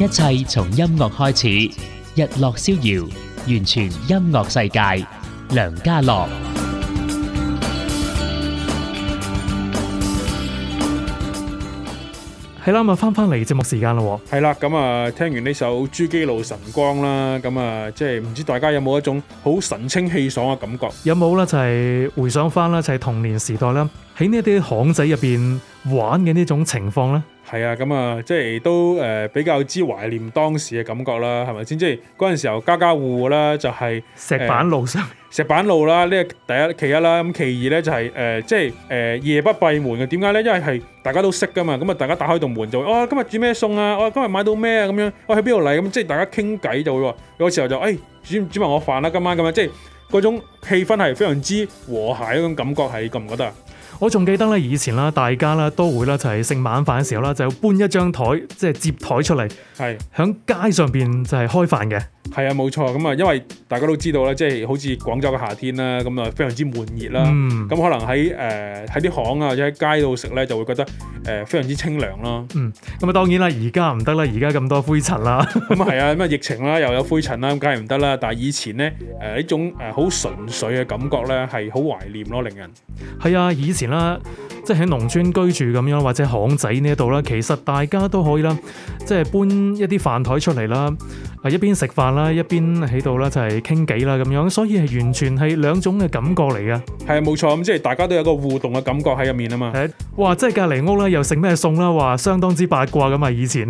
一切從音樂開始，日落逍遙，完全音樂世界。梁家樂，係啦，咁啊翻翻嚟節目時間咯，係啦，咁啊聽完呢首《珠璣路晨光》啦，咁啊即係唔知大家有冇一種好神清氣爽嘅感覺？有冇咧就係回想翻咧，就係童年時代啦，喺呢啲巷仔入邊玩嘅呢種情況咧？係啊，咁啊，即係都誒比較之懷念當時嘅感覺啦，係咪先？即係嗰陣時候家家戶戶啦，就係石板路上、石板路啦，呢、這個第一、其一啦。咁其二咧就係、是、誒，即係誒夜不閉門嘅。點解咧？因為係大家都識㗎嘛。咁啊，大家打開棟門就哦、啊，今日煮咩餸啊？我、啊、今日買到咩啊？咁樣我喺邊度嚟？咁即係大家傾偈就會。有時候就誒、哎、煮煮埋我飯啦、啊，今晚咁樣。即係嗰種氣氛係非常之和諧嗰種感覺，係覺唔覺得？我仲記得咧，以前啦，大家啦都會啦，就係食晚飯嘅時候啦，就搬一張台，即係接台出嚟，喺街上邊就係開飯嘅。係啊，冇錯。咁啊，因為大家都知道啦，即係好似廣州嘅夏天啦，咁啊非常之悶熱啦。咁可能喺誒喺啲巷啊或者喺街度食咧，就會覺得誒非常之清涼咯。嗯。咁啊，當然啦，而家唔得啦，而家咁多灰塵啦。咁啊係啊，咁 啊疫情啦，又有灰塵啦，咁梗係唔得啦。但係以前咧，誒一種誒好純粹嘅感覺咧，係好懷念咯，令人。係啊，以前。啦，即係喺農村居住咁樣，或者巷仔呢一度啦，其實大家都可以啦，即係搬一啲飯台出嚟啦，啊一邊食飯啦，一邊喺度啦就係傾偈啦咁樣，所以係完全係兩種嘅感覺嚟噶係啊，冇錯，咁即係大家都有個互動嘅感覺喺入面啊嘛。係，哇，即係隔籬屋啦，又食咩餸啦，話相當之八卦噶嘛以前。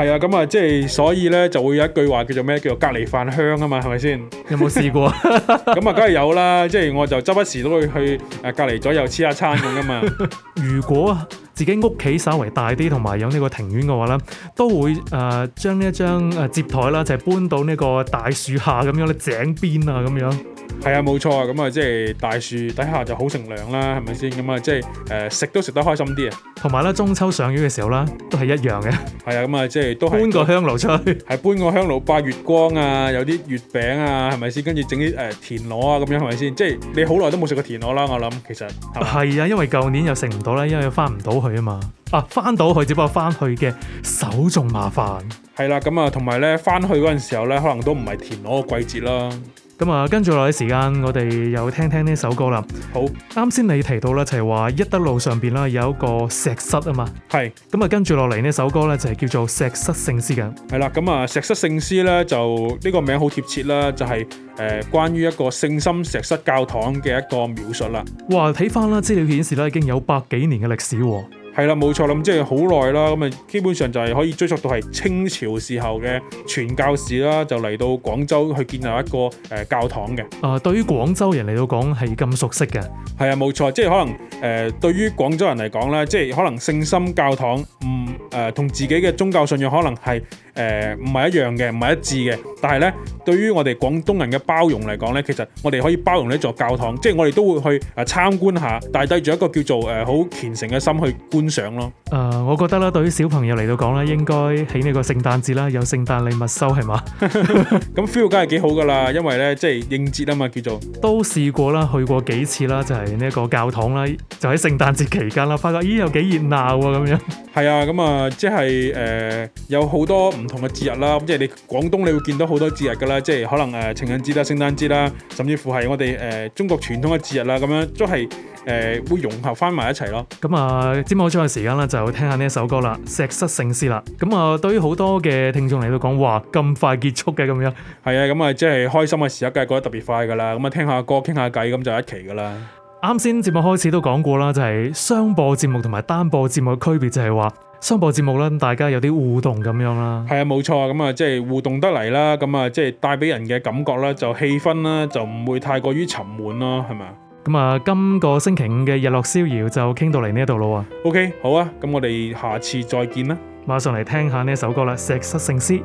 係啊，咁啊，即係所以咧，就會有一句話叫做咩？叫做隔籬飯香啊嘛，係咪先？有冇試過？咁啊，梗係有啦，即、就、係、是、我就周不時都會去誒、啊、隔籬左右黐下餐咁啊嘛。 如果自己屋企稍微大啲，同埋有呢個庭院嘅話咧，都會誒將呢一張誒接枱啦，就係、是、搬到呢個大樹下咁樣咧，井邊啊咁樣。係啊，冇錯啊，咁、嗯、啊，即係大樹底下就好乘涼啦，係咪先？咁、嗯、啊，即係誒、呃、食都食得開心啲啊。同埋咧，中秋賞月嘅時候啦，都係一樣嘅。係啊，咁啊，即係都係搬個香爐出去，係搬個香爐，拜月光啊，有啲月餅啊，係咪先？跟住整啲誒田螺啊，咁樣係咪先？即、就、係、是、你好耐都冇食過田螺啦，我諗其實係啊，因為舊年又食唔到啦，因為翻唔到去啊嘛。啊，翻到去只不過翻去嘅手仲麻煩。係啦，咁啊，同埋咧翻去嗰陣時候咧，可能都唔係田螺嘅季節啦。咁、嗯、啊，跟住落嚟時間，我哋又聽一聽呢首歌啦。好，啱先你提到啦，就係、是、話一德路上邊啦，有一個石室啊嘛。係。咁、嗯、啊，跟住落嚟呢首歌咧，就係叫做《石室聖詩》噶。係啦，咁啊，《石室聖詩》咧就呢、這個名好貼切啦，就係、是、誒、呃、關於一個聖心石室教堂嘅一個描述啦。哇，睇返啦，資料顯示啦，已經有百幾年嘅歷史喎。係啦、啊，冇錯啦，即係好耐啦，咁啊基本上就係可以追溯到係清朝時候嘅傳教士啦，就嚟到廣州去建立一個誒、呃、教堂嘅。啊，對於廣州人嚟到講係咁熟悉嘅。係啊，冇錯，即係可能誒、呃、對於廣州人嚟講咧，即係可能聖心教堂唔誒同自己嘅宗教信仰可能係。誒唔係一樣嘅，唔係一致嘅。但係呢，對於我哋廣東人嘅包容嚟講呢，其實我哋可以包容呢座教堂，即係我哋都會去啊參觀下。但係對住一個叫做誒好虔誠嘅心去觀賞咯。誒、呃，我覺得啦，對於小朋友嚟到講呢，應該喺呢個聖誕節啦，有聖誕禮物收係嘛？咁 feel 梗係幾好噶啦，因為呢即係應節啊嘛，叫做都試過啦，去過幾次啦，就係、是、呢個教堂啦，就喺聖誕節期間啦，發覺咦有幾熱鬧喎咁樣。係啊，咁、嗯、啊即係誒、呃、有好多唔同嘅節日啦，咁即係你廣東，你會見到好多節日噶啦，即係可能誒、呃、情人節啦、聖誕節啦，甚至乎係我哋誒、呃、中國傳統嘅節日啦，咁樣都係誒會融合翻埋一齊咯。咁啊，節目開場嘅時間咧，就聽下呢一首歌啦，《石室聖詩》啦。咁啊，對於好多嘅聽眾嚟都講話咁快結束嘅咁樣，係啊，咁啊，即係開心嘅時刻，梗係過得特別快噶啦。咁啊，聽下歌傾下偈，咁就一期噶啦。啱先節目開始都講過啦，就係、是、雙播節目同埋單播節目嘅區別，就係話。收播節目啦，大家有啲互動咁樣啦。係啊，冇錯啊，咁啊即係互動得嚟啦，咁啊即係帶俾人嘅感覺啦，就氣氛啦，就唔會太過於沉悶咯，係咪啊？咁啊，今個星期五嘅日落逍遙就傾到嚟呢一度咯。OK，好啊，咁我哋下次再見啦。馬上嚟聽一下呢一首歌啦，《石室聖詩》。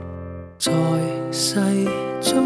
在世中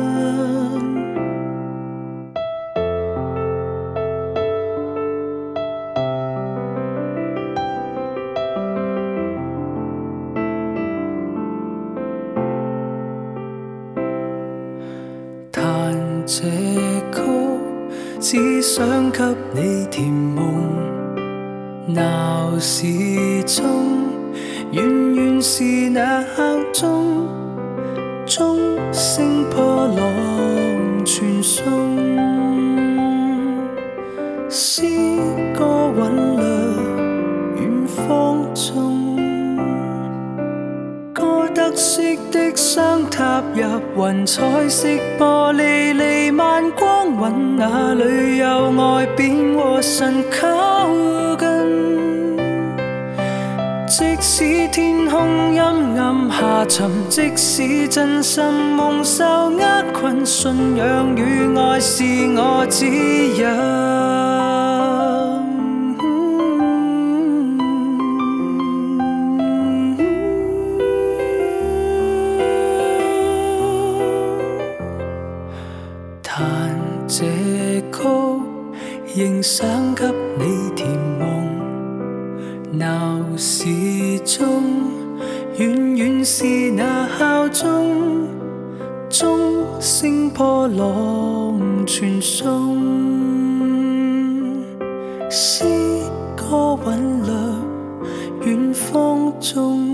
只想給你甜夢鬧時鐘，遠遠是那刻鐘，鐘聲破浪傳送，詩歌韻律遠方中。色的窗，踏入雲，彩色玻璃彌漫光暈，那裏有愛便和神靠近。即使天空陰暗下沉，即使真心蒙受厄困，信仰與愛是我指引。仍想給你甜夢，鬧市中，遠遠是那曉鐘，鐘聲破浪傳送，詩歌韻律遠方中。